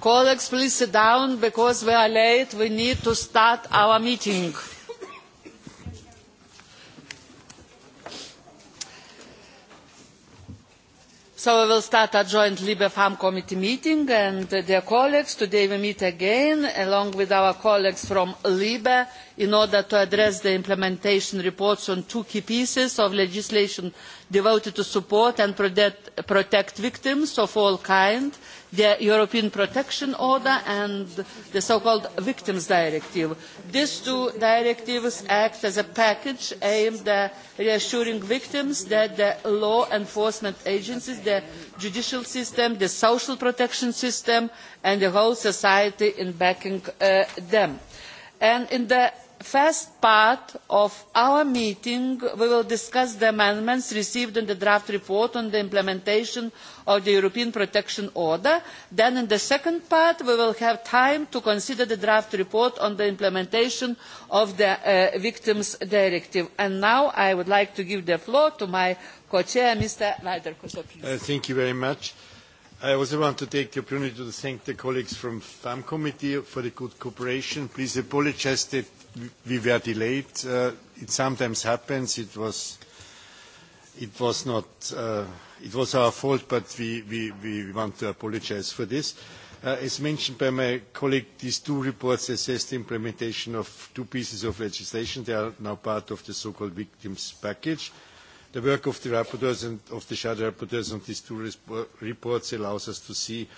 Colleagues, please sit down because we are late. We need to start our meeting. So we will start a joint LIBE farm committee meeting. And dear colleagues, today we meet again along with our colleagues from LIBE in order to address the implementation reports on two key pieces of legislation devoted to support and protect victims of all kinds the European Protection Order and the so-called Victims Directive. These two directives act as a package aimed at reassuring victims that the law enforcement agencies, the judicial system, the social protection system and the whole society in backing them. in the first part of our meeting we will discuss the amendments received in the draft report on the implementation of the European Protection Order. Then in the second part we will have time to consider the draft report on the implementation of the Victims Directive. And now I would like to give the floor to my co-chair, Mr. Thank you very much. I also want to take the opportunity to thank the colleagues from the FAM Committee for the good cooperation. Please apologize that we were delayed. It sometimes happens. It was it was not it was our fault, but we we we want to apologise for this. As mentioned by my colleague, these two reports assess the implementation of two pieces of legislation. They are now part of the so-called victims package. The work of the rapporteurs and of the shadow rapporteurs on these two reports allows us to see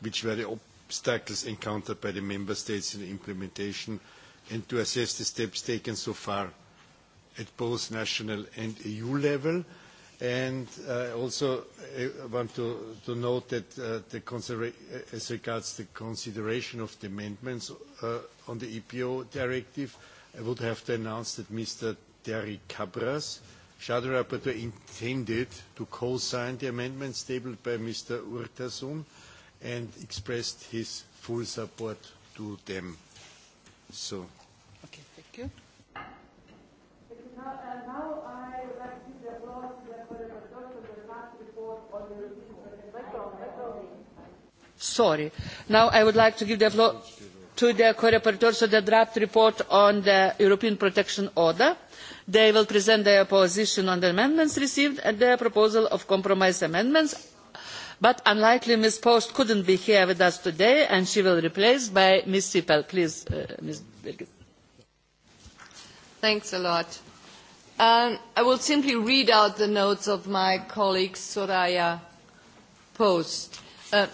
which were the obstacles encountered by the member states in the implementation and to assess the steps taken so far at both national and EU level. And also want to note that as regards the consideration of the amendments on the EPO directive, I would have to announce that Mr. Terry Cabras, Shadow Rapporteur, intended to co-sign the amendments tabled by Mr. Urtasun and expressed his full support to them. So Sorry. Now I would like to give the floor to the co-rapporteurs of the draft report on the European Protection Order. They will present their position on the amendments received and their proposal of compromise amendments. But unlikely Ms. Post couldn't be here with us today and she will be replaced by Ms. Sipel. Please, Ms. Birgit. Thanks a lot. I will simply read out the notes of my colleague Soraya Post.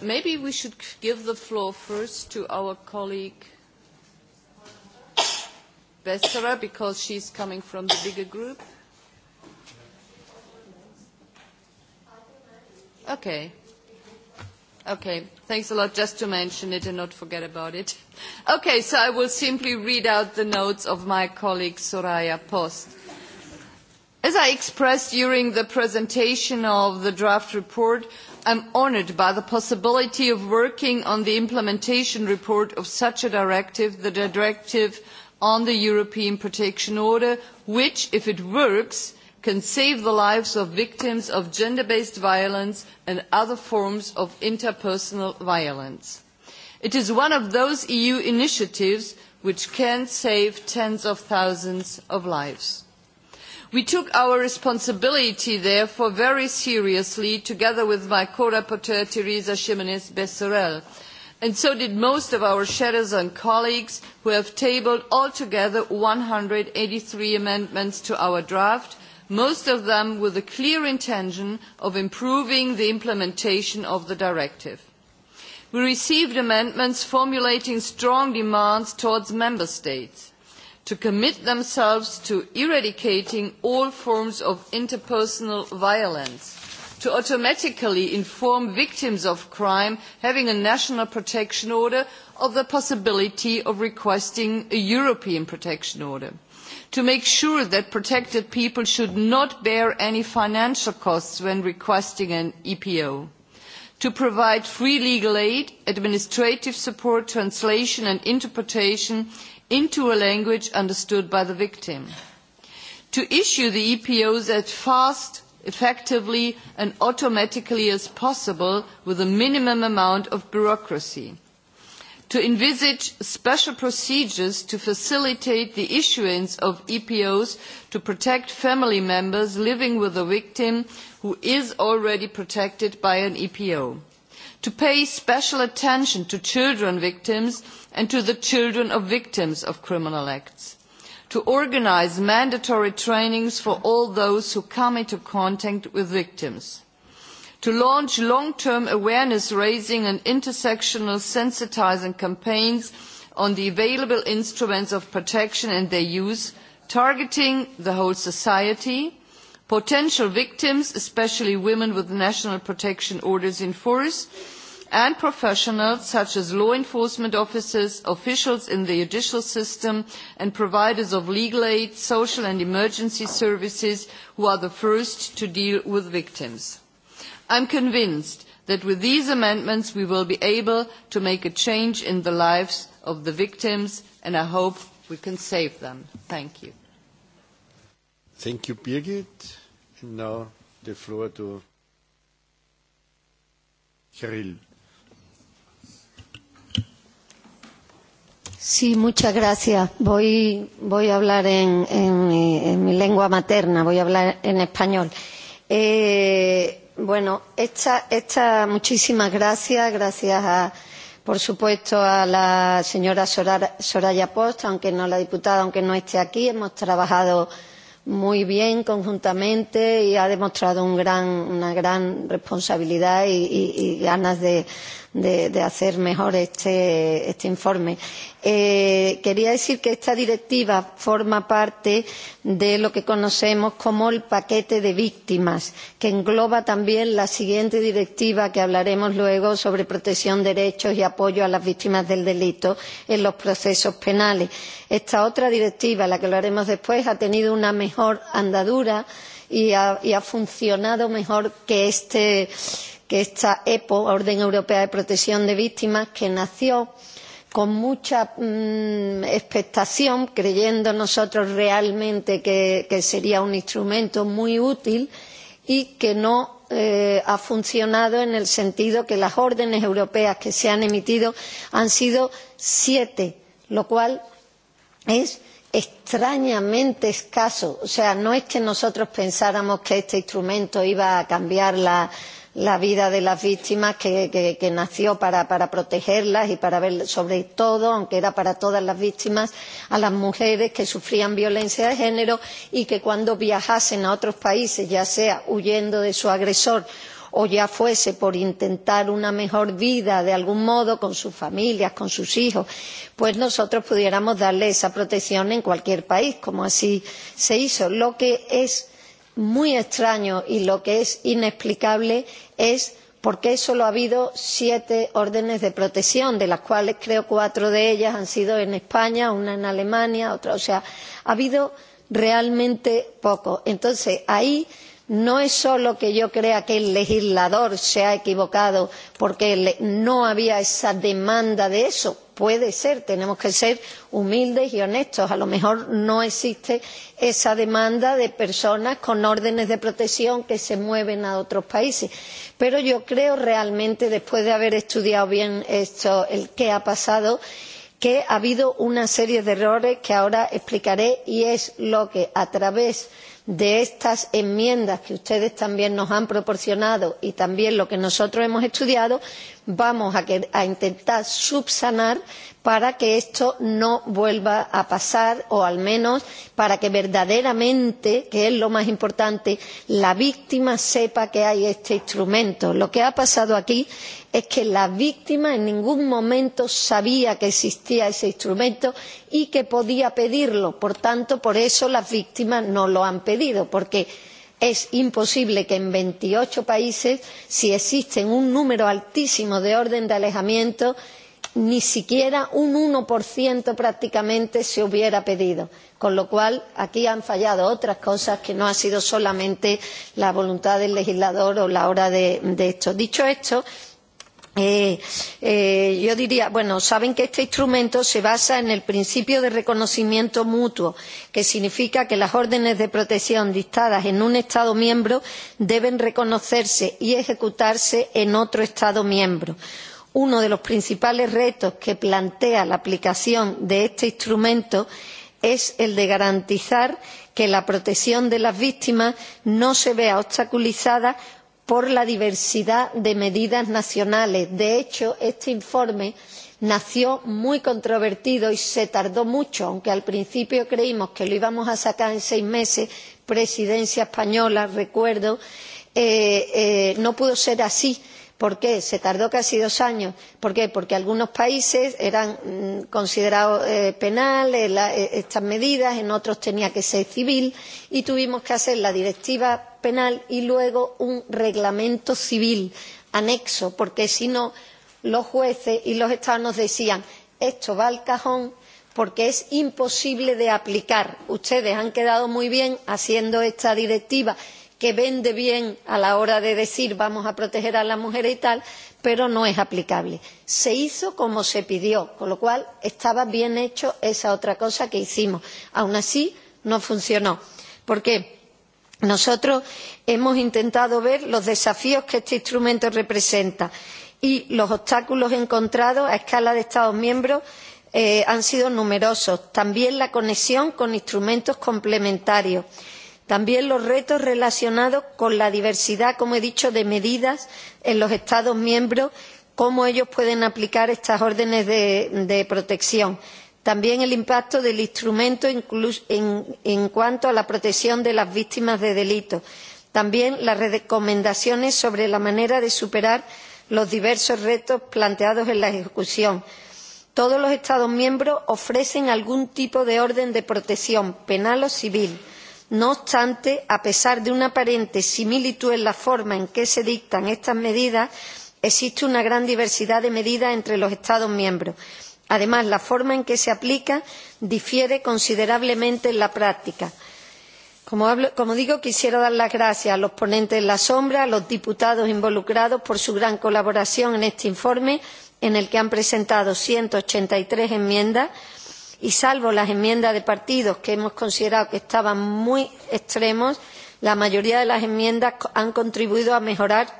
Maybe we should give the floor first to our colleague Bessara, because she is coming from the bigger group. Okay. Okay. Thanks a lot. Just to mention it and not forget about it. Okay, so I will simply read out the notes of my colleague Soraya Post. As I expressed during the presentation of the draft report, I am honoured by the possibility of working on the implementation report of such a directive, the Directive on the European Protection Order, which, if it works, can save the lives of victims of gender based violence and other forms of interpersonal violence. It is one of those EU initiatives which can save tens of thousands of lives. We took our responsibility therefore very seriously, together with my co-rapporteur Teresa Ximenez Becerril, and so did most of our shadows and colleagues who have tabled altogether 183 amendments to our draft, most of them with the clear intention of improving the implementation of the directive. We received amendments formulating strong demands towards member states to commit themselves to eradicating all forms of interpersonal violence, to automatically inform victims of crime having a national protection order of the possibility of requesting a European protection order, to make sure that protected people should not bear any financial costs when requesting an EPO to provide free legal aid administrative support translation and interpretation into a language understood by the victim. To issue the EPOs as fast, effectively and automatically as possible with a minimum amount of bureaucracy. To envisage special procedures to facilitate the issuance of EPOs to protect family members living with a victim who is already protected by an EPO to pay special attention to children victims and to the children of victims of criminal acts to organise mandatory trainings for all those who come into contact with victims to launch long term awareness raising and intersectional sensitising campaigns on the available instruments of protection and their use targeting the whole society potential victims, especially women with national protection orders in force, and professionals such as law enforcement officers, officials in the judicial system, and providers of legal aid, social and emergency services who are the first to deal with victims. I am convinced that with these amendments we will be able to make a change in the lives of the victims, and I hope we can save them. Thank you. Thank you, Birgit. now the floor to Sí, muchas gracias. Voy, voy a hablar en, mi, en mi lengua materna, voy a hablar en español. Eh, bueno, esta, esta, muchísimas gracias, gracias a, por supuesto a la señora Soraya Post, aunque no la diputada, aunque no esté aquí, hemos trabajado muy bien conjuntamente y ha demostrado un gran una gran responsabilidad y y ganas de de hacer mejor este informe. Quería decir que esta directiva forma parte de lo que conocemos como el paquete de víctimas, que engloba también la siguiente directiva que hablaremos luego sobre protección de derechos y apoyo a las víctimas del delito en los procesos penales. Esta otra directiva, la que lo haremos después, ha tenido una mejor andadura y ha funcionado mejor que este que esta EPO, Orden Europea de Protección de Víctimas, que nació con mucha expectación, creyendo nosotros realmente que sería un instrumento muy útil y que no ha funcionado en el sentido que las órdenes europeas que se han emitido han sido siete, lo cual es extrañamente escaso. O sea, no es que nosotros pensáramos que este instrumento iba a cambiar la la vida de las víctimas que nació para protegerlas y para ver sobre todo aunque era para todas las víctimas a las mujeres que sufrían violencia de género y que cuando viajasen a otros países ya sea huyendo de su agresor o ya fuese por intentar una mejor vida de algún modo con sus familias con sus hijos pues nosotros pudiéramos darle esa protección en cualquier país como así se hizo lo que es muy extraño y lo que es inexplicable es por qué solo ha habido siete órdenes de protección de las cuales creo cuatro de ellas han sido en españa una en alemania otra o sea ha habido realmente poco. entonces ahí no es solo que yo crea que el legislador se ha equivocado porque no había esa demanda de eso puede ser tenemos que ser humildes y honestos a lo mejor no existe esa demanda de personas con órdenes de protección que se mueven a otros países pero yo creo realmente después de haber estudiado bien esto el qué ha pasado que ha habido una serie de errores que ahora explicaré y es lo que a través de estas enmiendas que ustedes también nos han proporcionado y también lo que nosotros hemos estudiado vamos a intentar subsanar para que esto no vuelva a pasar o al menos para que verdaderamente que es lo más importante la víctima sepa que hay este instrumento. lo que ha pasado aquí es que la víctima en ningún momento sabía que existía ese instrumento y que podía pedirlo. por tanto por eso las víctimas no lo han pedido porque es imposible que en veintiocho países si existen un número altísimo de orden de alejamiento ni siquiera un 1% prácticamente se hubiera pedido con lo cual aquí han fallado otras cosas que no ha sido solamente la voluntad del legislador o la hora de esto dicho esto Yo diría, bueno, saben que este instrumento se basa en el principio de reconocimiento mutuo, que significa que las órdenes de protección dictadas en un Estado miembro deben reconocerse y ejecutarse en otro Estado miembro. Uno de los principales retos que plantea la aplicación de este instrumento es el de garantizar que la protección de las víctimas no se vea obstaculizada por la diversidad de medidas nacionales. De hecho, este informe nació muy controvertido y se tardó mucho, aunque al principio creímos que lo íbamos a sacar en seis meses, presidencia española, recuerdo, no pudo ser así. ¿Por qué? Se tardó casi dos años. ¿Por qué? Porque algunos países eran considerados penales estas medidas, en otros tenía que ser civil y tuvimos que hacer la directiva penal y luego un reglamento civil anexo, porque si no, los jueces y los estados nos decían esto va al cajón porque es imposible de aplicar. Ustedes han quedado muy bien haciendo esta directiva que vende bien a la hora de decir vamos a proteger a la mujer y tal, pero no es aplicable. Se hizo como se pidió, con lo cual estaba bien hecho esa otra cosa que hicimos. Aún así, no funcionó. ¿Por qué? Nosotros hemos intentado ver los desafíos que este instrumento representa y los obstáculos encontrados a escala de Estados miembros han sido numerosos, también la conexión con instrumentos complementarios, también los retos relacionados con la diversidad, como he dicho, de medidas en los Estados miembros, cómo ellos pueden aplicar estas órdenes de protección También el impacto del instrumento en cuanto a la protección de las víctimas de delitos. También las recomendaciones sobre la manera de superar los diversos retos planteados en la ejecución. Todos los Estados miembros ofrecen algún tipo de orden de protección, penal o civil. No obstante, a pesar de una aparente similitud en la forma en que se dictan estas medidas, existe una gran diversidad de medidas entre los Estados miembros Además, la forma en que se aplica difiere considerablemente en la práctica. Como digo, quisiera dar las gracias a los ponentes de la sombra, a los diputados involucrados por su gran colaboración en este informe, en el que han presentado 183 enmiendas y salvo las enmiendas de partidos que hemos considerado que estaban muy extremos, la mayoría de las enmiendas han contribuido a mejorar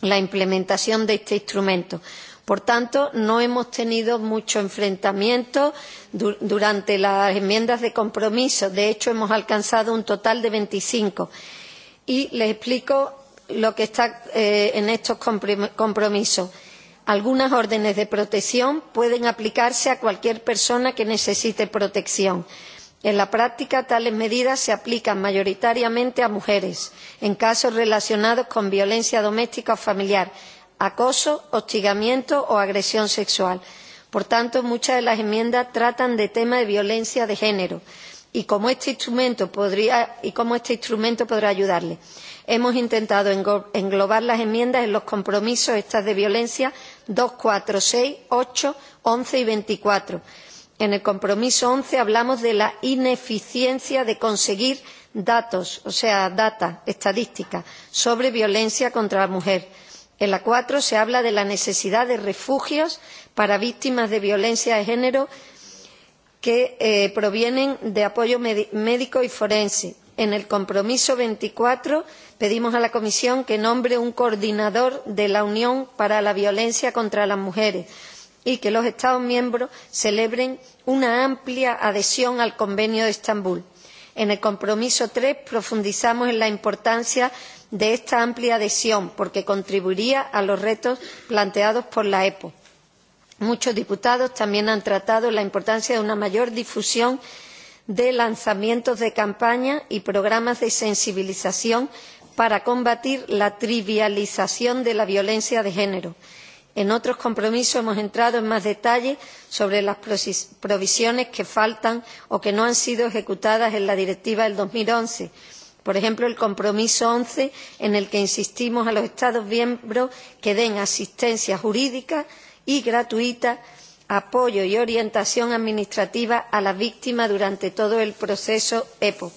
la implementación de este instrumento. Por tanto, no hemos tenido mucho enfrentamiento durante las enmiendas de compromiso. De hecho, hemos alcanzado un total de 25. Y les explico lo que está en estos compromisos. Algunas órdenes de protección pueden aplicarse a cualquier persona que necesite protección. En la práctica, tales medidas se aplican mayoritariamente a mujeres en casos relacionados con violencia doméstica o familiar acoso, hostigamiento o agresión sexual. Por tanto, muchas de las enmiendas tratan de temas de violencia de género y cómo este instrumento podría y cómo este instrumento podrá ayudarle. Hemos intentado englobar las enmiendas en los compromisos estas de violencia 2, 4, 6, 8, 11 y 24. En el compromiso 11 hablamos de la ineficiencia de conseguir datos, o sea, data, estadística sobre violencia contra la mujer En la 4 se habla de la necesidad de refugios para víctimas de violencia de género que provienen de apoyo médico y forense. En el compromiso 24 pedimos a la Comisión que nombre un coordinador de la Unión para la violencia contra las mujeres y que los Estados miembros celebren una amplia adhesión al Convenio de Estambul. En el compromiso 3 profundizamos en la importancia de esta amplia adhesión, porque contribuiría a los retos planteados por la EPO. Muchos diputados también han tratado la importancia de una mayor difusión de lanzamientos de campaña y programas de sensibilización para combatir la trivialización de la violencia de género en otros compromisos hemos entrado en más detalle sobre las provisiones que faltan o que no han sido ejecutadas en la directiva de dos mil once por ejemplo el compromiso once en el que insistimos a los estados miembros que den asistencia jurídica y gratuita apoyo y orientación administrativa a las víctimas durante todo el proceso epo.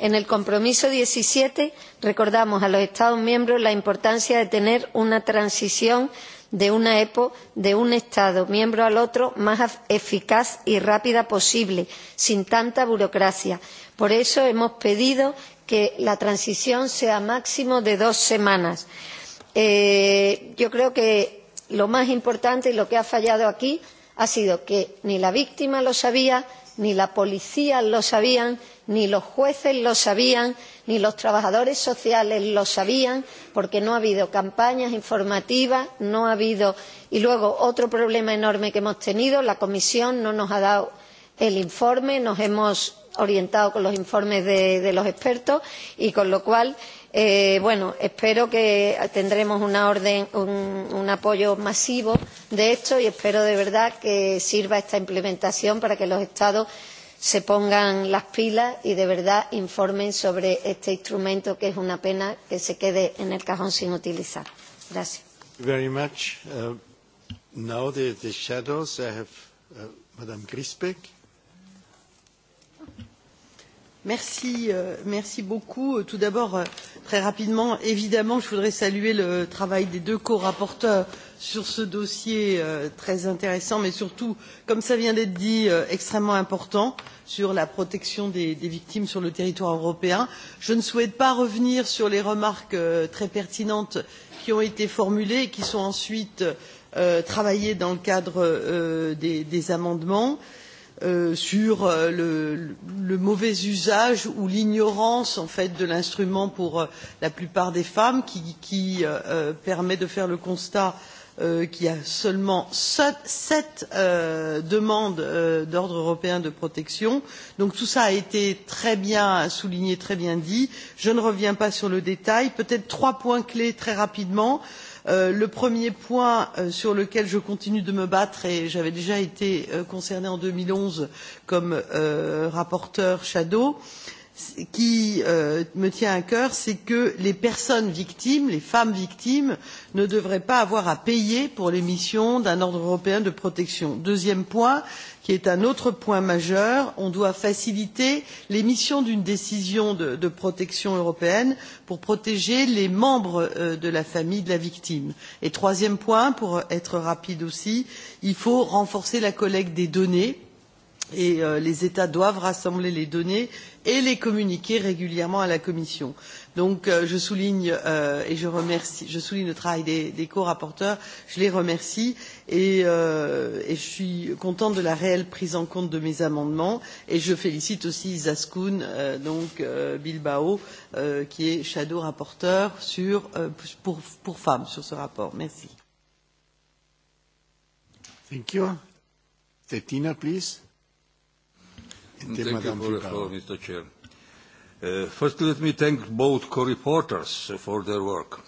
en el compromiso 17 recordamos a los estados miembros la importancia de tener una transición de una EPO de un Estado miembro al otro más eficaz y rápida posible, sin tanta burocracia. Por eso hemos pedido que la transición sea máximo de dos semanas. Yo creo que lo más importante y lo que ha fallado aquí ha sido que ni la víctima lo sabía, ni la policía lo sabían, ni los jueces lo sabían ni los trabajadores sociales lo sabían porque no ha habido campañas informativas no ha habido y luego otro problema enorme que hemos tenido la comisión no nos ha dado el informe nos hemos orientado con los informes de los expertos y con lo cual bueno espero que tendremos una orden un apoyo masivo de esto y espero de verdad que sirva esta implementación para que los estados se pongan las pilas y de verdad informen sobre este instrumento que es una pena que se quede en el cajón sin utilizar. Gracias. Very much. Merci beaucoup. Tout d'abord, très rapidement, évidemment, je voudrais saluer le travail des deux corapporteurs sur ce dossier très intéressant, mais surtout, comme cela vient d'être dit, extrêmement important sur la protection des victimes sur le territoire européen. Je ne souhaite pas revenir sur les remarques très pertinentes qui ont été formulées et qui sont ensuite travaillées dans le cadre des amendements sur le mauvais usage ou l'ignorance en fait de l'instrument pour la plupart des femmes qui permet de faire le constat qu'il y a seulement sept demandes d'ordre européen de protection. Donc tout cela a été très bien souligné, très bien dit. Je ne reviens pas sur le détail. Peut-être trois points clés très rapidement le premier point sur lequel je continue de me battre et j'avais déjà été concernée en deux mille onze comme rapporteur shadow qui me tient à cœur, c'est que les personnes victimes, les femmes victimes, ne devraient pas avoir à payer pour l'émission d'un ordre européen de protection. Deuxième point, qui est un autre point majeur, on doit faciliter l'émission d'une décision de protection européenne pour protéger les membres de la famille de la victime. Et troisième point, pour être rapide aussi, il faut renforcer la collecte des données et les États doivent rassembler les données et les communiquer régulièrement à la Commission. Donc je souligne et je remercie je souligne le travail des corapporteurs, je les remercie et je suis contente de la réelle prise en compte de mes amendements et je félicite aussi Zaskun donc Bilbao qui est shadow rapporteur pour femmes sur ce rapport. Merci. Thank you. Tetina, please. Mr. Chair. First, let me thank both co-reporters for their work.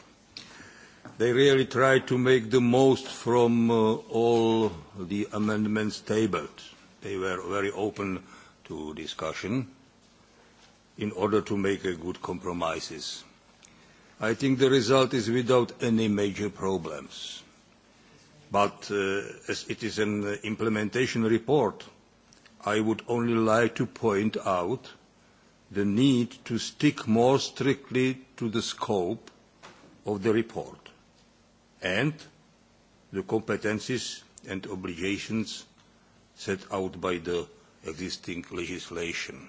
They really tried to make the most from all the amendments tabled. They were very open to discussion in order to make good compromises. I think the result is without any major problems. But as it is an implementation report, I would only like to point out the need to stick more strictly to the scope of the report and the competences and obligations set out by the existing legislation.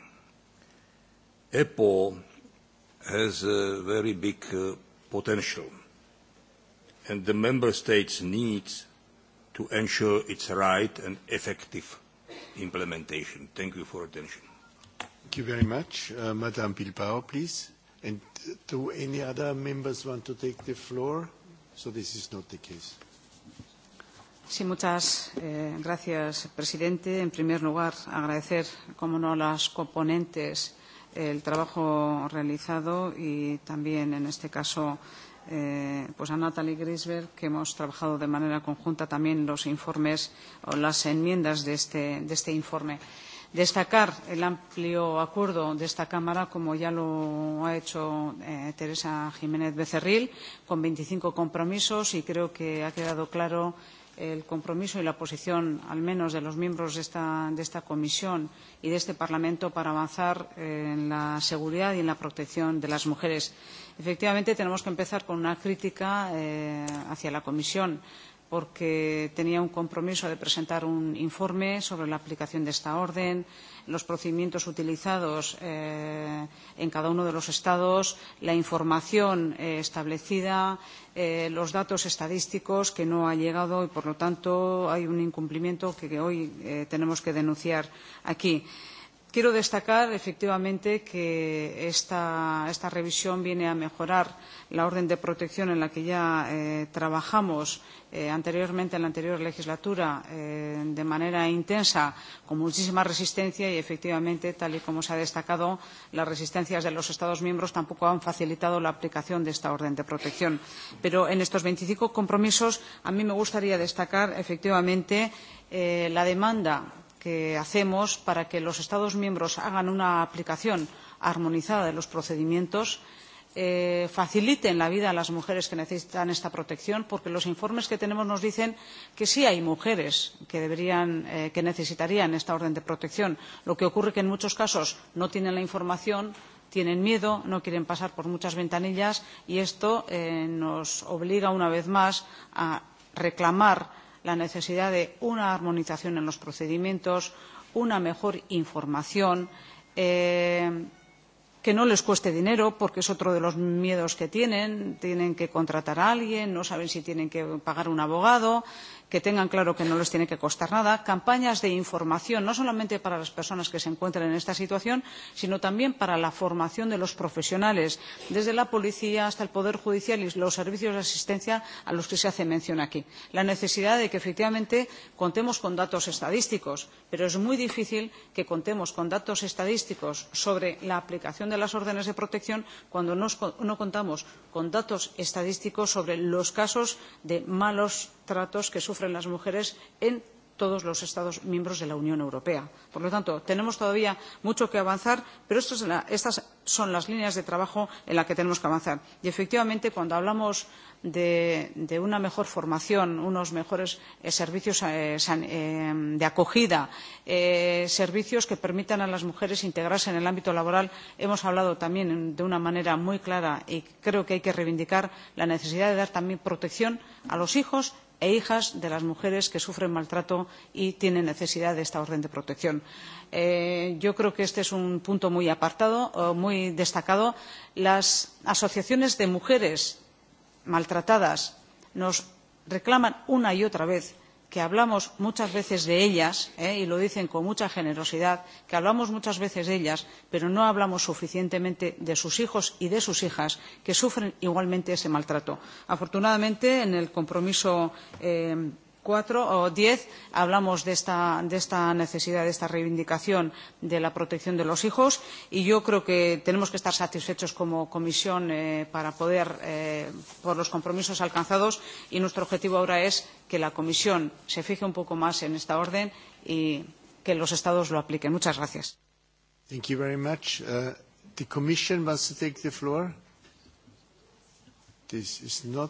EPO has a very big potential and the Member States needs to ensure its right and effective implementation. Thank you for attention. Thank you very much. Madam Bilbao, please. And do any other members want to take the floor? So this is not the case. Sí, muchas gracias, presidente. En primer lugar, agradecer, como no, a las componentes el trabajo realizado y también, en este caso, pues a Natalie Grisberg, que hemos trabajado de manera conjunta también los informes o las enmiendas de este, de este informe. Destacar el amplio acuerdo de esta Cámara, como ya lo ha hecho Teresa Jiménez Becerril, con 25 compromisos y creo que ha quedado claro el compromiso y la posición, al menos de los miembros de esta Comisión y de este Parlamento, para avanzar en la seguridad y en la protección de las mujeres Efectivamente, tenemos que empezar con una crítica hacia la Comisión, porque tenía un compromiso de presentar un informe sobre la aplicación de esta orden, los procedimientos utilizados en cada uno de los Estados, la información establecida, los datos estadísticos que no ha llegado y, por lo tanto, hay un incumplimiento que hoy tenemos que denunciar aquí quiero destacar efectivamente que esta revisión viene a mejorar la orden de protección en la que ya trabajamos anteriormente en la anterior legislatura de manera intensa con muchísima resistencia y efectivamente tal y como se ha destacado las resistencias de los estados miembros tampoco han facilitado la aplicación de esta orden de protección pero en estos 25 compromisos a mí me gustaría destacar efectivamente la demanda que hacemos para que los Estados miembros hagan una aplicación armonizada de los procedimientos faciliten la vida a las mujeres que necesitan esta protección porque los informes que tenemos nos dicen que sí hay mujeres que necesitarían esta orden de protección. lo que ocurre es que en muchos casos no tienen la información tienen miedo no quieren pasar por muchas ventanillas y esto nos obliga una vez más a reclamar la necesidad de una armonización en los procedimientos, una mejor información, que no les cueste dinero, porque es otro de los miedos que tienen. Tienen que contratar a alguien, no saben si tienen que pagar un abogado, que tengan claro que no les tiene que costar nada campañas de información no solamente para las personas que se encuentran en esta situación sino también para la formación de los profesionales desde la policía hasta el poder judicial y los servicios de asistencia a los que se hace mención aquí la necesidad de que efectivamente contemos con datos estadísticos pero es muy difícil que contemos con datos estadísticos sobre la aplicación de las órdenes de protección cuando no contamos con datos estadísticos sobre los casos de malos tratos que sufren las mujeres en todos los Estados miembros de la Unión Europea. Por lo tanto, tenemos todavía mucho que avanzar, pero estas son las líneas de trabajo en las que tenemos que avanzar. Y, efectivamente, cuando hablamos de una mejor formación, unos mejores servicios de acogida, servicios que permitan a las mujeres integrarse en el ámbito laboral, hemos hablado también de una manera muy clara y creo que hay que reivindicar la necesidad de dar también protección a los hijos e hijas de las mujeres que sufren maltrato y tienen necesidad de esta orden de protección. Yo creo que este es un punto muy apartado, muy destacado. Las asociaciones de mujeres maltratadas nos reclaman una y otra vez que hablamos muchas veces de ellas y lo dicen con mucha generosidad que hablamos muchas veces de ellas pero no hablamos suficientemente de sus hijos y de sus hijas que sufren igualmente ese maltrato. afortunadamente en el compromiso cuatro o diez hablamos de esta necesidad de esta reivindicación de la protección de los hijos y yo creo que tenemos que estar satisfechos como comisión para poder por los compromisos alcanzados y nuestro objetivo ahora es que la comisión se fije un poco más en esta orden y que los estados lo apliquen. muchas gracias. Thank you very much. The Commission wants to take the floor. This is not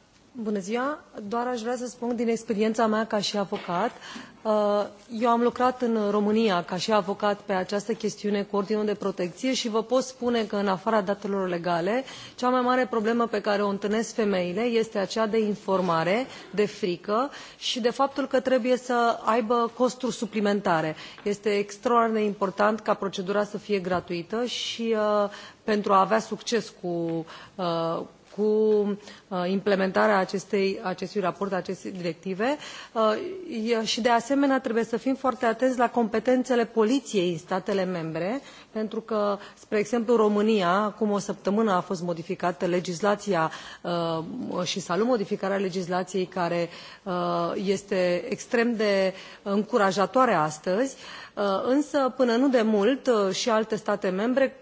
Bună ziua! Doar aș vrea să spun din experiența mea ca și avocat. Eu am lucrat în România ca și avocat pe această chestiune cu ordinul de protecție și vă pot spune că, în afara datelor legale, cea mai mare problemă pe care o întâlnesc femeile este aceea de informare, de frică și de faptul că trebuie să aibă costuri suplimentare. Este extraordinar de important ca procedura să fie gratuită și pentru a avea succes cu cu implementarea acestei, acestui raport, acestei directive și de asemenea trebuie să fim foarte atenți la competențele poliției în statele membre, pentru că, spre exemplu, România, acum o săptămână a fost modificată legislația și salut modificarea legislației care este extrem de încurajatoare astăzi, însă până nu de mult și alte state membre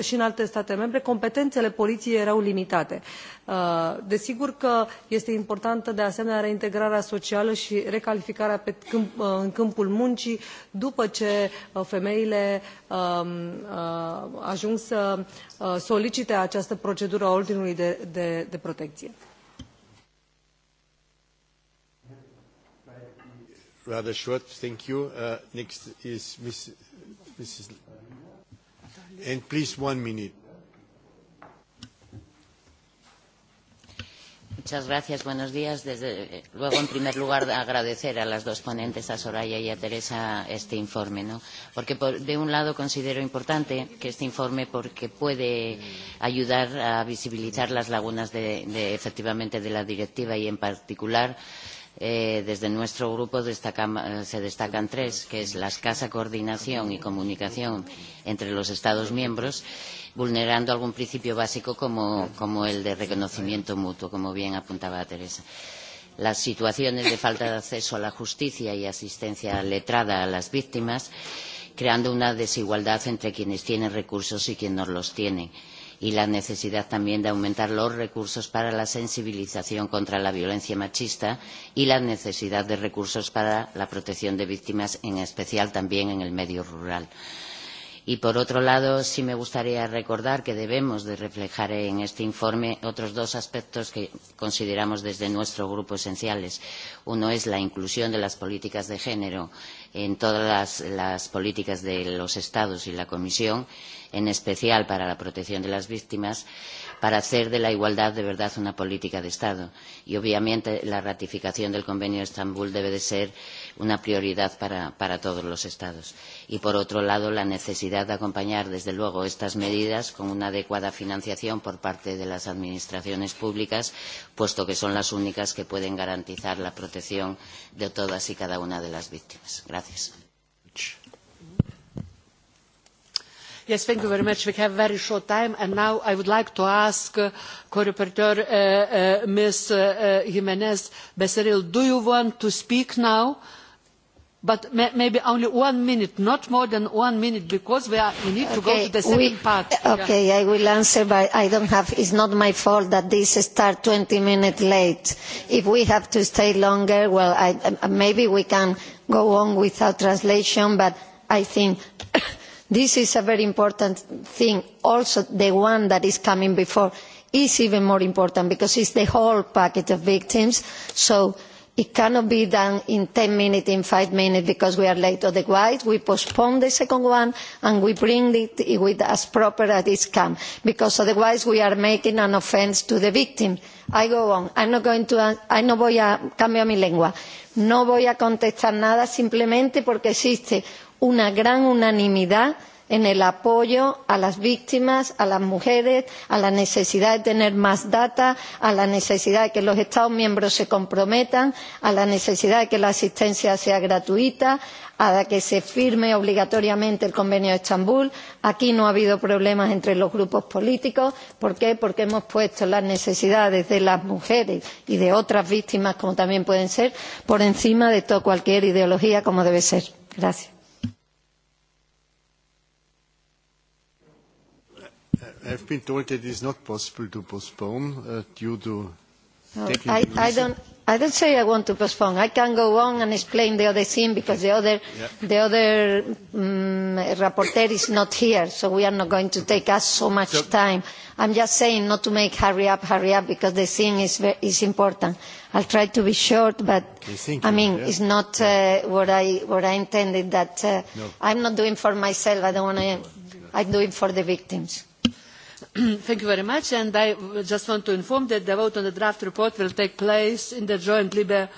și în alte state membre competențele poliției erau limitate. desigur că este importantă de asemenea reintegrarea socială și recalificarea în câmpul muncii după ce femeile ajung să solicite această procedură a ordinului de protecție. rather short. Thank you. Next is Mrs. And please, one minute. Muchas gracias. Buenos días. Desde luego, en primer lugar, agradecer a las dos ponentes, a Soraya y a Teresa, este informe, ¿no? Porque, de un lado, considero importante que este informe porque puede ayudar a visibilizar las lagunas, de, efectivamente, de la directiva y, en particular, Desde nuestro grupo se destacan tres, que es la escasa coordinación y comunicación entre los Estados miembros, vulnerando algún principio básico como el de reconocimiento mutuo, como bien apuntaba Teresa. Las situaciones de falta de acceso a la justicia y asistencia letrada a las víctimas, creando una desigualdad entre quienes tienen recursos y quienes no los tienen y la necesidad también de aumentar los recursos para la sensibilización contra la violencia machista y la necesidad de recursos para la protección de víctimas, en especial también en el medio rural. Y, por otro lado, sí me gustaría recordar que debemos reflejar en este informe otros dos aspectos que consideramos desde nuestro grupo esenciales. Uno es la inclusión de las políticas de género en todas las políticas de los Estados y la Comisión, en especial para la protección de las víctimas para hacer de la igualdad de verdad una política de Estado. Y obviamente la ratificación del Convenio de Estambul debe de ser una prioridad para todos los Estados. Y por otro lado, la necesidad de acompañar, desde luego, estas medidas con una adecuada financiación por parte de las administraciones públicas, puesto que son las únicas que pueden garantizar la protección de todas y cada una de las víctimas. Gracias. Yes, thank you very much. We have very short time, and now I would like to ask co-rapporteur Ms. Jimenez Becerril, do you want to speak now? But maybe only one minute, not more than one minute, because we need to go to the second part. Okay, I will answer, but I don't have. It's not my fault that this starts 20 minutes late. If we have to stay longer, well, maybe we can go on without translation, but I think This is a very important thing. Also, the one that is coming before is even more important because it's the whole package of victims. So it cannot be done in 10 minutes, in 5 minutes because we are late. Otherwise, we postpone the second one and we bring it with as proper as it can because otherwise we are making an offence to the victim. I go on. I'm not going to, I no voy a, cambio mi lengua. No voy a contestar nada simplemente porque existe una gran unanimidad en el apoyo a las víctimas, a las mujeres, a la necesidad de tener más data, a la necesidad de que los Estados miembros se comprometan, a la necesidad de que la asistencia sea gratuita, a que se firme obligatoriamente el Convenio de Estambul. Aquí no ha habido problemas entre los grupos políticos. ¿Por qué? Porque hemos puesto las necesidades de las mujeres y de otras víctimas, como también pueden ser, por encima de toda cualquier ideología, como debe ser. Gracias. I've been told that it is not possible to postpone due to technical I I don't say I want to postpone. I can go on and explain the other thing because the other rapporteur is not here, so we are not going to take us so much time. I'm just saying not to make hurry up, hurry up, because the thing is important. I'll try to be short, but I mean, it's not what I intended that I'm not doing for myself. I don't want to. I'm doing for the victims. Thank you very much. And I just want to inform that the vote on the draft report will take place in the joint Libe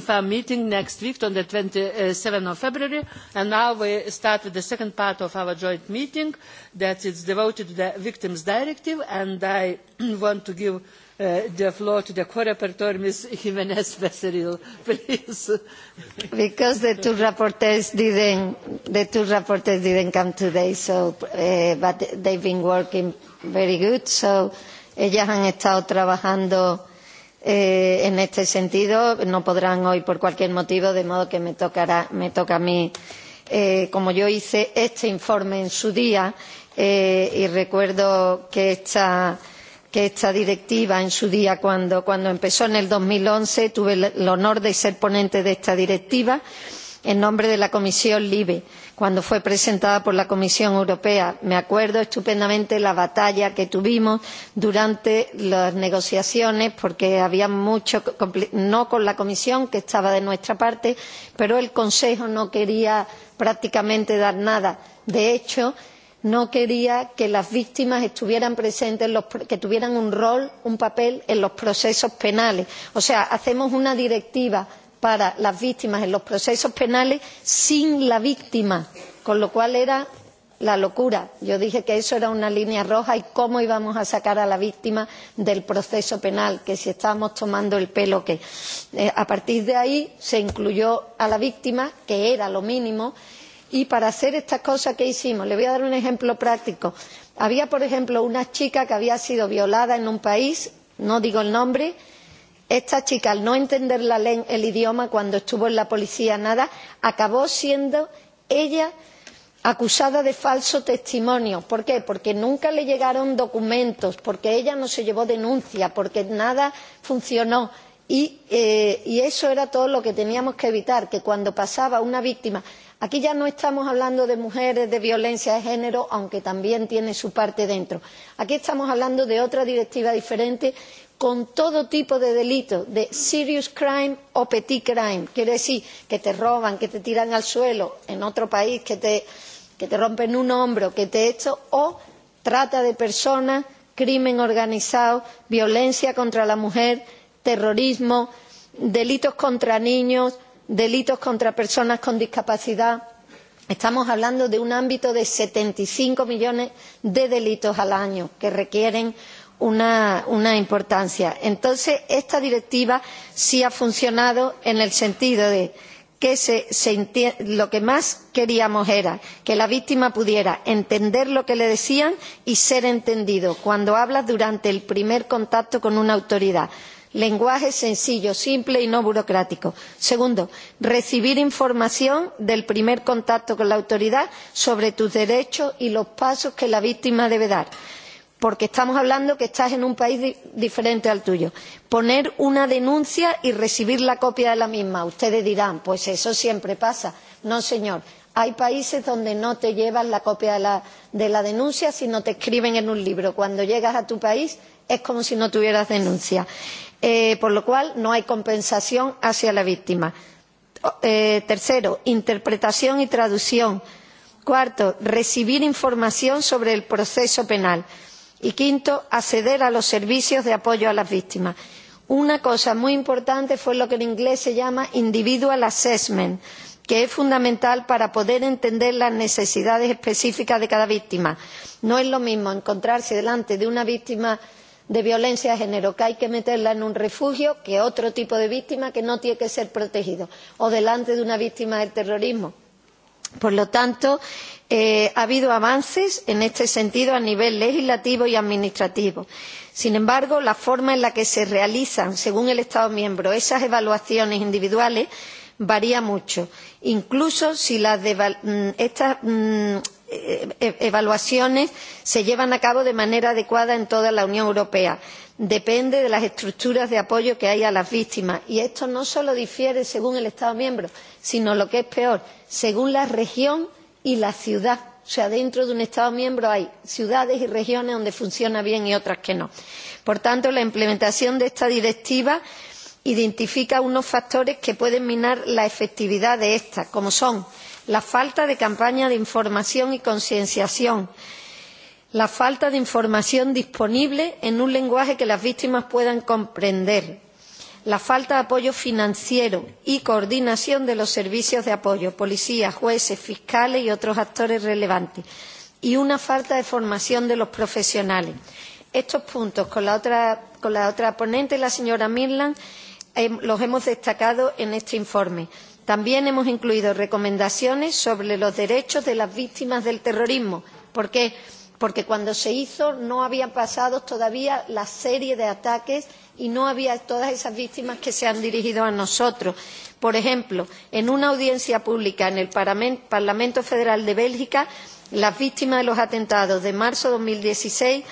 FAM meeting next week on the 27th of February. And now we start with the second part of our joint meeting that is devoted to the Victims Directive. And I want to give the floor to the co-rapporteur, Ms. Jimenez Becerril, please. Because the two rapporteurs didn't, the two rapporteurs didn't come today, so, but they've been working very good, so ellas han estado trabajando en este sentido, no podrán hoy por cualquier motivo, de modo que me tocará, me toca a mí, como yo hice este informe en su día, y recuerdo que esta que esta directiva en su día cuando empezó en el 2011, tuve el honor de ser ponente de esta directiva en nombre de la comisión libe cuando fue presentada por la comisión europea. me acuerdo estupendamente la batalla que tuvimos durante las negociaciones porque había mucho no con la comisión que estaba de nuestra parte pero el consejo no quería prácticamente dar nada. de hecho no quería que las víctimas estuvieran presentes que tuvieran un rol un papel en los procesos penales. o sea hacemos una directiva para las víctimas en los procesos penales sin la víctima con lo cual era la locura. yo dije que eso era una línea roja y cómo íbamos a sacar a la víctima del proceso penal que si estábamos tomando el pelo qué. a partir de ahí se incluyó a la víctima que era lo mínimo y para hacer estas cosas que hicimos le voy a dar un ejemplo práctico había por ejemplo una chica que había sido violada en un país no digo el nombre esta chica al no entender el idioma cuando estuvo en la policía nada acabó siendo ella acusada de falso testimonio por qué? porque nunca le llegaron documentos porque ella no se llevó denuncia porque nada funcionó y eso era todo lo que teníamos que evitar que cuando pasaba una víctima Aquí ya no estamos hablando de mujeres, de violencia de género, aunque también tiene su parte dentro. Aquí estamos hablando de otra directiva diferente con todo tipo de delitos, de serious crime o petit crime. Quiere decir que te roban, que te tiran al suelo en otro país, que te rompen un hombro, que te esto, o trata de personas, crimen organizado, violencia contra la mujer, terrorismo, delitos contra niños delitos contra personas con discapacidad estamos hablando de un ámbito de 75 millones de delitos al año que requieren una importancia entonces esta directiva sí ha funcionado en el sentido de que lo que más queríamos era que la víctima pudiera entender lo que le decían y ser entendido cuando habla durante el primer contacto con una autoridad lenguaje sencillo simple y no burocrático. segundo recibir información del primer contacto con la autoridad sobre tus derechos y los pasos que la víctima debe dar porque estamos hablando de que estás en un país diferente al tuyo poner una denuncia y recibir la copia de la misma. ustedes dirán pues eso siempre pasa. no señor hay países donde no te llevan la copia de la denuncia sino te escriben en un libro. cuando llegas a tu país es como si no tuvieras denuncia por lo cual no hay compensación hacia la víctima. tercero interpretación y traducción. cuarto recibir información sobre el proceso penal y quinto acceder a los servicios de apoyo a las víctimas. una cosa muy importante fue lo que en inglés se llama individual assessment que es fundamental para poder entender las necesidades específicas de cada víctima. no es lo mismo encontrarse delante de una víctima de violencia de género que hay que meterla en un refugio que otro tipo de víctima que no tiene que ser protegido o delante de una víctima del terrorismo. por lo tanto ha habido avances en este sentido a nivel legislativo y administrativo. sin embargo la forma en la que se realizan según el estado miembro esas evaluaciones individuales varía mucho incluso si estas evaluaciones se llevan a cabo de manera adecuada en toda la unión europea depende de las estructuras de apoyo que hay a las víctimas y esto no solo difiere según el estado miembro sino lo que es peor según la región y la ciudad o sea dentro de un estado miembro hay ciudades y regiones donde funciona bien y otras que no. por tanto la implementación de esta directiva identifica unos factores que pueden minar la efectividad de esta como son la falta de campaña de información y concienciación la falta de información disponible en un lenguaje que las víctimas puedan comprender la falta de apoyo financiero y coordinación de los servicios de apoyo policías jueces fiscales y otros actores relevantes y una falta de formación de los profesionales. estos puntos con la otra ponente la señora mirland los hemos destacado en este informe. También hemos incluido recomendaciones sobre los derechos de las víctimas del terrorismo. ¿Por qué? Porque cuando se hizo no habían pasado todavía la serie de ataques y no había todas esas víctimas que se han dirigido a nosotros. Por ejemplo, en una audiencia pública en el Parlamento Federal de Bélgica, las víctimas de los atentados de marzo de 2016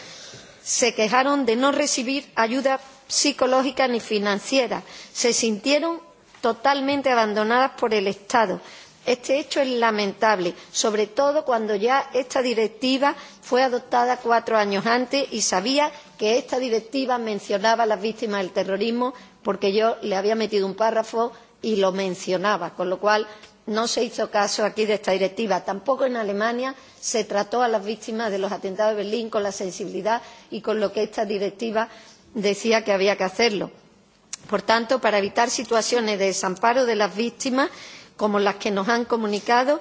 se quejaron de no recibir ayuda psicológica ni financiera. Se sintieron totalmente abandonadas por el Estado. Este hecho es lamentable, sobre todo cuando ya esta directiva fue adoptada cuatro años antes y sabía que esta directiva mencionaba a las víctimas del terrorismo porque yo le había metido un párrafo y lo mencionaba, con lo cual no se hizo caso aquí de esta directiva. Tampoco en Alemania se trató a las víctimas de los atentados de Berlín con la sensibilidad y con lo que esta directiva decía que había que hacerlo Por tanto, para evitar situaciones de desamparo de las víctimas, como las que nos han comunicado,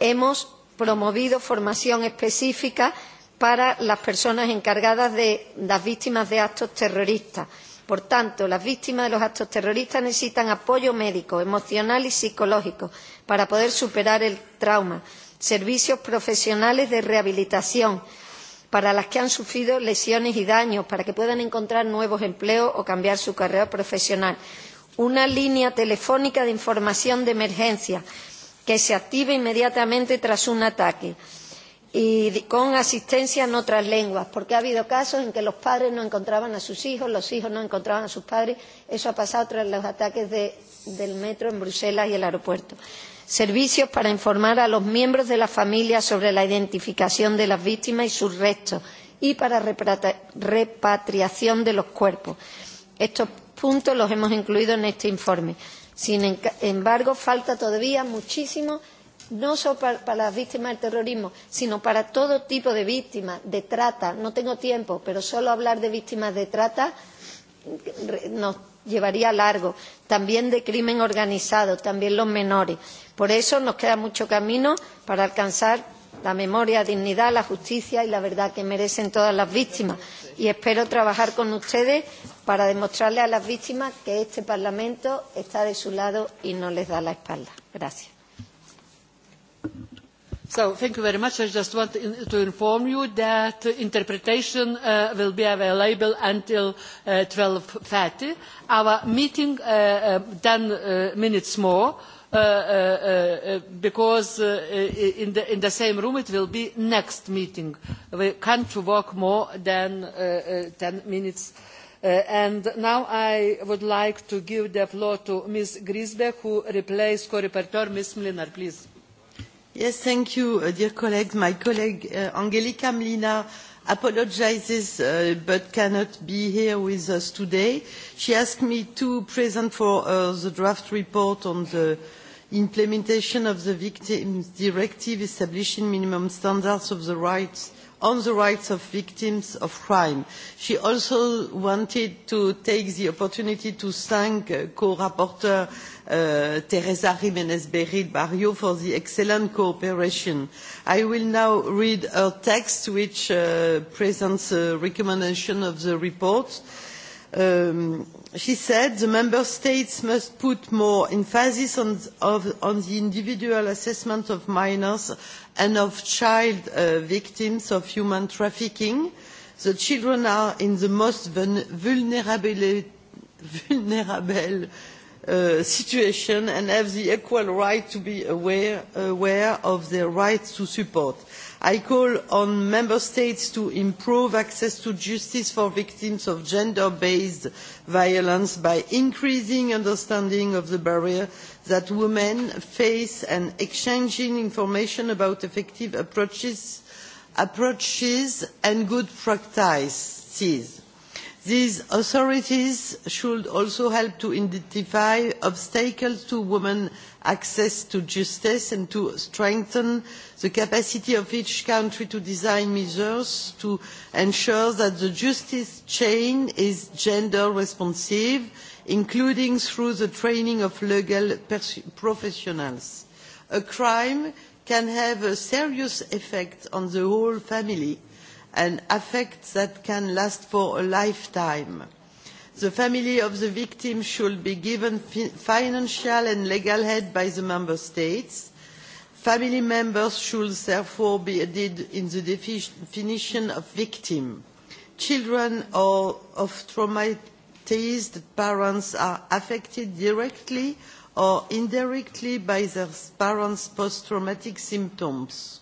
hemos promovido formación específica para las personas encargadas de las víctimas de actos terroristas. Por tanto, las víctimas de los actos terroristas necesitan apoyo médico, emocional y psicológico para poder superar el trauma, servicios profesionales de rehabilitación, para las que han sufrido lesiones y daños, para que puedan encontrar nuevos empleos o cambiar su carrera profesional. Una línea telefónica de información de emergencia que se active inmediatamente tras un ataque y con asistencia en otras lenguas, porque ha habido casos en que los padres no encontraban a sus hijos, los hijos no encontraban a sus padres. Eso ha pasado tras los ataques del metro en Bruselas y el aeropuerto. Servicios para informar a los miembros de la familia sobre la identificación de las víctimas y sus restos y para repatriación de los cuerpos. Estos puntos los hemos incluido en este informe. Sin embargo, falta todavía muchísimo no solo para las víctimas del terrorismo, sino para todo tipo de víctimas de trata. No tengo tiempo, pero solo hablar de víctimas de trata nos llevaría largo. También de crimen organizado, también los menores. Por eso nos queda mucho camino para alcanzar la memoria, la dignidad, la justicia y la verdad que merecen todas las víctimas. Y espero trabajar con ustedes para demostrarles a las víctimas que este Parlamento está de su lado y no les da la espalda. Gracias. So thank you very much. I just want to inform you that interpretation will be available until 12.30. Our meeting 10 minutes more because in the same room it will be next meeting. We can't work more than 10 minutes. And now I would like to give the floor to Ms. Grisbeck who replaced co-reporter Ms. Mlinar, please. Yes, thank you, dear colleagues. My colleague Angelika Mlina apologises, but cannot be here with us today. She asked me to present for the draft report on the implementation of the Victims Directive establishing minimum standards of the rights on the rights of victims of crime. She also wanted to take the opportunity to thank co-rapporteur Teresa Jiménez Berit Barrio for the excellent cooperation. I will now read her text which presents the recommendation of the report She said the Member States must put more emphasis on the individual assessment of minors and of child victims of human trafficking. The children are in the most vulnerable situation and have the equal right to be aware of their rights to support. I call on Member States to improve access to justice for victims of gender based violence by increasing understanding of the barrier that women face and exchanging information about effective approaches and good practices These authorities should also help to identify obstacles to women's access to justice and to strengthen the capacity of each country to design measures to ensure that the justice chain is gender responsive, including through the training of legal professionals. A crime can have a serious effect on the whole family and affects that can last for a lifetime. The family of the victim should be given financial and legal aid by the Member States. Family members should therefore be added in the definition of victim. Children of traumatised parents are affected directly or indirectly by their parents' post-traumatic symptoms.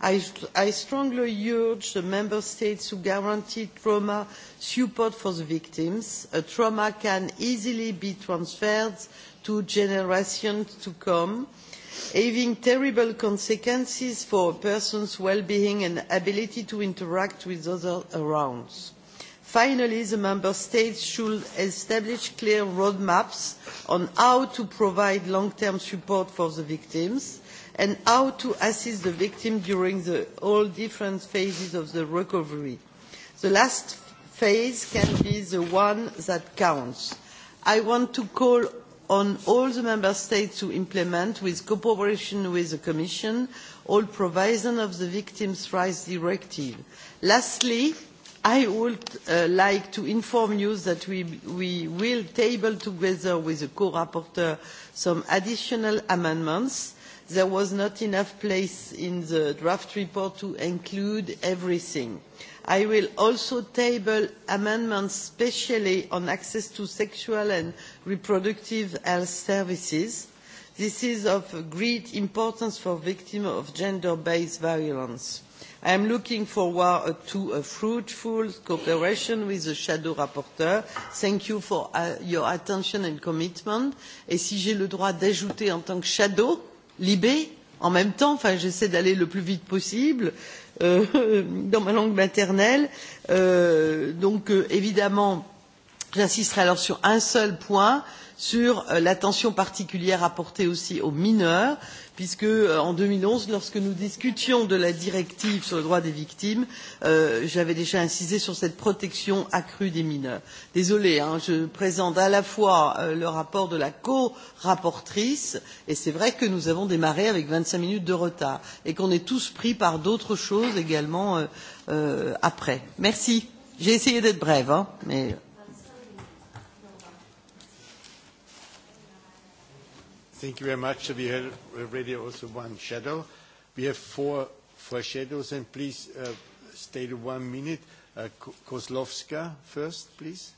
I strongly urge the Member States to guarantee trauma support for the victims. A trauma can easily be transferred to generations to come, having terrible consequences for a person's well-being and ability to interact with others around. Finally, the Member States should establish clear roadmaps on how to provide long-term support for the victims and how to assist the victim during the all different phases of the recovery. The last phase can be the one that counts. I want to call on all the Member States to implement, with cooperation with the Commission, all provisions of the Victims' Rights Directive. Lastly, I would like to inform you that we will table together with the co-rapporteur some additional amendments there was not enough place in the draft report to include everything. I will also table amendments specially on access to sexual and reproductive health services. This is of great importance for victims of gender-based violence. I am looking forward to a fruitful cooperation with the shadow rapporteur. Thank you for your attention and commitment. Et si j'ai le droit d'ajouter en tant que shadow, Libé, en même temps, enfin j'essaie d'aller le plus vite possible dans ma langue maternelle. Donc évidemment, j'insisterai alors sur un seul point, sur l'attention particulière apportée aussi aux mineurs puisque en 2011, lorsque nous discutions de la directive sur le droit des victimes, j'avais déjà insisté sur cette protection accrue des mineurs. Désolée, je présente à la fois le rapport de la co-rapportrice, et c'est vrai que nous avons démarré avec 25 minutes de retard, et qu'on est tous pris par d'autres choses également après. Merci. J'ai essayé d'être brève, mais Thank you very much. We have already also one shadow. We have four shadows, and please stay to one minute. Kozlowska first, please.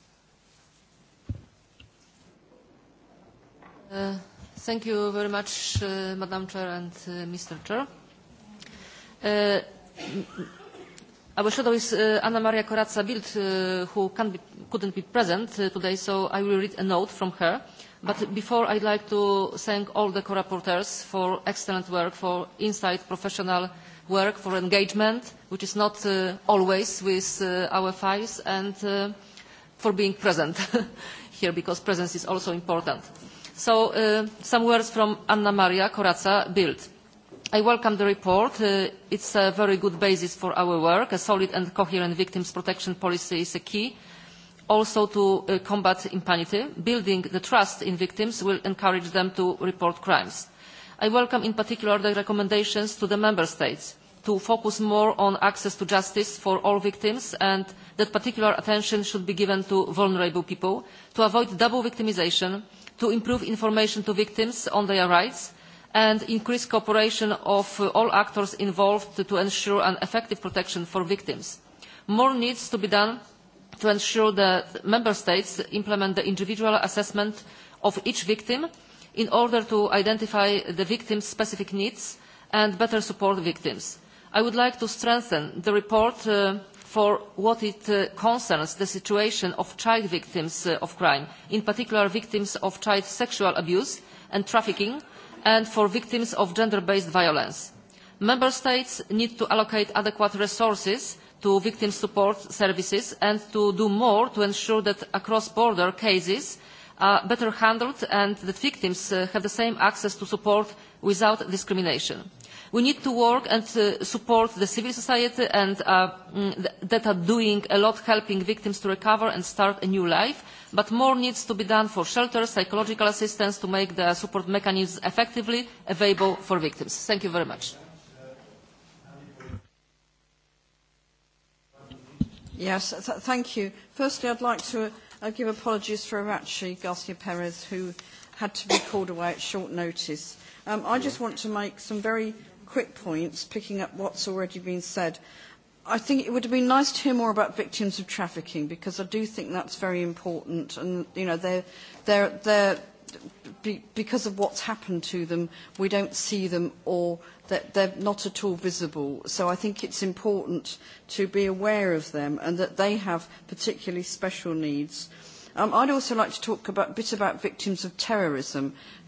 Thank you very much, Madam Chair and Mr. Chair. Our shadow is Anna Maria Corazza-Bildt, who can be couldn't be present today, so I will read a note from her. But before, I'd like to thank all the co-rapporteurs for excellent work, for insight, professional work, for engagement, which is not always with our files, and for being present here, because presence is also important. So, some words from Anna Maria Corazza Bild. I welcome the report. It's a very good basis for our work. A solid and coherent victims' protection policy is a key also to combat impunity. Building the trust in victims will encourage them to report crimes. I welcome in particular the recommendations to the Member States to focus more on access to justice for all victims and that particular attention should be given to vulnerable people, to avoid double victimisation, to improve information to victims on their rights and increase cooperation of all actors involved to ensure an effective protection for victims. More needs to be done to ensure that member states implement the individual assessment of each victim in order to identify the victim's specific needs and better support victims. I would like to strengthen the report for what it concerns the situation of child victims of crime, in particular victims of child sexual abuse and trafficking, and for victims of gender-based violence. Member states need to allocate adequate resources to victim support services and to do more to ensure that across-border cases are better handled and that victims have the same access to support without discrimination. We need to work and support the civil society and that are doing a lot helping victims to recover and start a new life, but more needs to be done for shelters, psychological assistance to make the support mechanisms effectively available for victims. Thank you very much. Yes, thank you. Firstly, I'd like to give apologies for Arachi Garcia Perez, who had to be called away at short notice. I just want to make some very quick points, picking up what's already been said. I think it would have been nice to hear more about victims of trafficking, because I do think that's very important. And, you know, they're, they're, they're, because of what's happened to them, we don't see them or that they're not at all visible. So I think it's important to be aware of them and that they have particularly special needs. I'd also like to talk a bit about victims of terrorism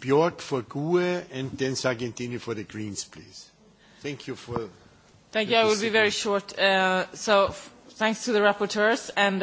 Bjork for GUE and then Sargentini for the Greens, please. Thank you for. Thank you. I will be very short. So thanks to the rapporteurs and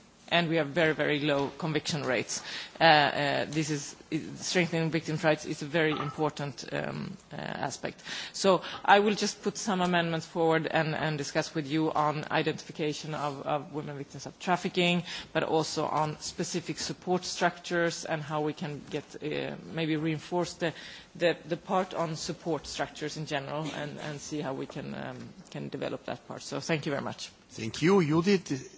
and we have very, very low conviction rates. This is strengthening victims' rights is a very important aspect. So I will just put some amendments forward and discuss with you on identification of women victims of trafficking, but also on specific support structures and how we can get maybe reinforce the part on support structures in general and see how we can develop that part. So thank you very much. Thank you, Judith.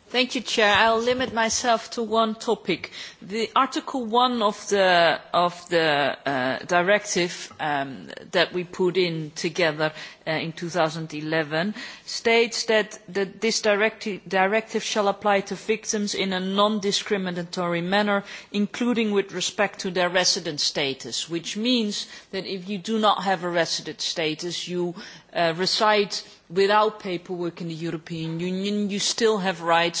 Thank you, Chair. I'll limit myself to one topic. The Article 1 of the directive that we put in together in 2011 states that this directive shall apply to victims in a non-discriminatory manner, including with respect to their resident status, which means that if you do not have a resident status, you reside without paperwork in the European Union, you still have rights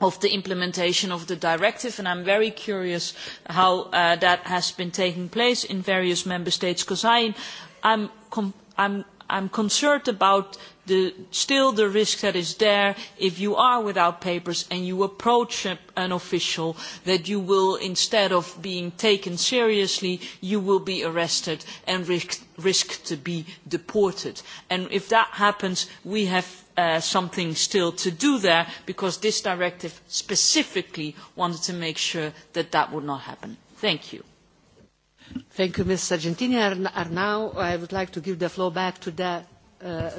of the implementation of the directive and i'm very curious how that has been taking place in various member states because i i'm concerned about the still the risk that is there if you are without papers and you approach an official that you will instead of being taken seriously you will be arrested and risk to be deported and if that happens we have something still to do there because this directive specifically wanted to make sure that that would not happen. Thank you. Thank you, Ms. Sargentini. And now I would like to give the floor back to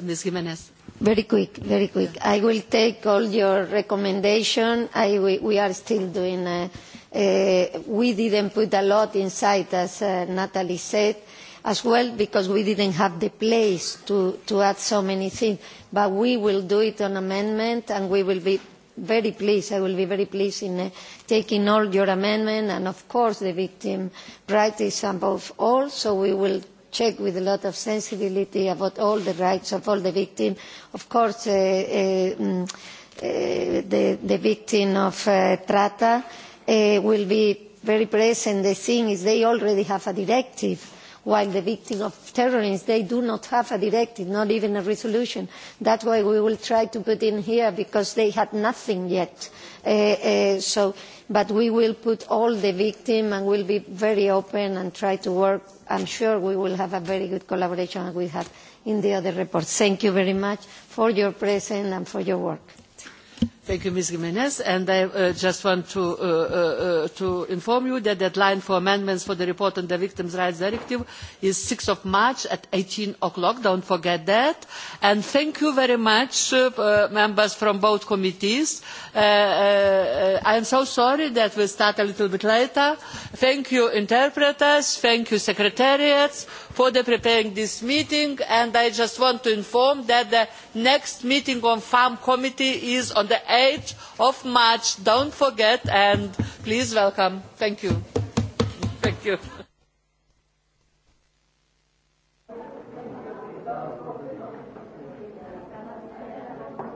Ms. Jimenez. Very quick, very quick. I will take all your recommendations. We are still doing, we didn't put a lot inside, as Natalie said as well because we didn't have the place to to add so many things. But we will do it on amendment and we will be very pleased, I will be very pleased in taking all your amendment and of course the victim rights above all, so we will check with a lot of sensibility about all the rights of all the victims. Of course, the victim of Trata will be very present. The thing is they already have a directive while the victims of terrorists they do not have a directive not even a resolution that's why we will try to put in here because they had nothing yet so but we will put all the victims and will be very open and try to work i'm sure we will have a very good collaboration as we have in the other reports thank you very much for your presence and for your work Thank you, Ms. Jimenez. And I just want to inform you that the deadline for amendments for the report on the Victims' Rights Directive is 6th of March at 18 o'clock. Don't forget that. And thank you very much, members from both committees. I am so sorry that we start a little bit later. Thank you, interpreters. Thank you, secretariats for preparing this meeting and I just want to inform that the next meeting on Farm Committee is on the 8th of March. Don't forget and please welcome. Thank Thank you.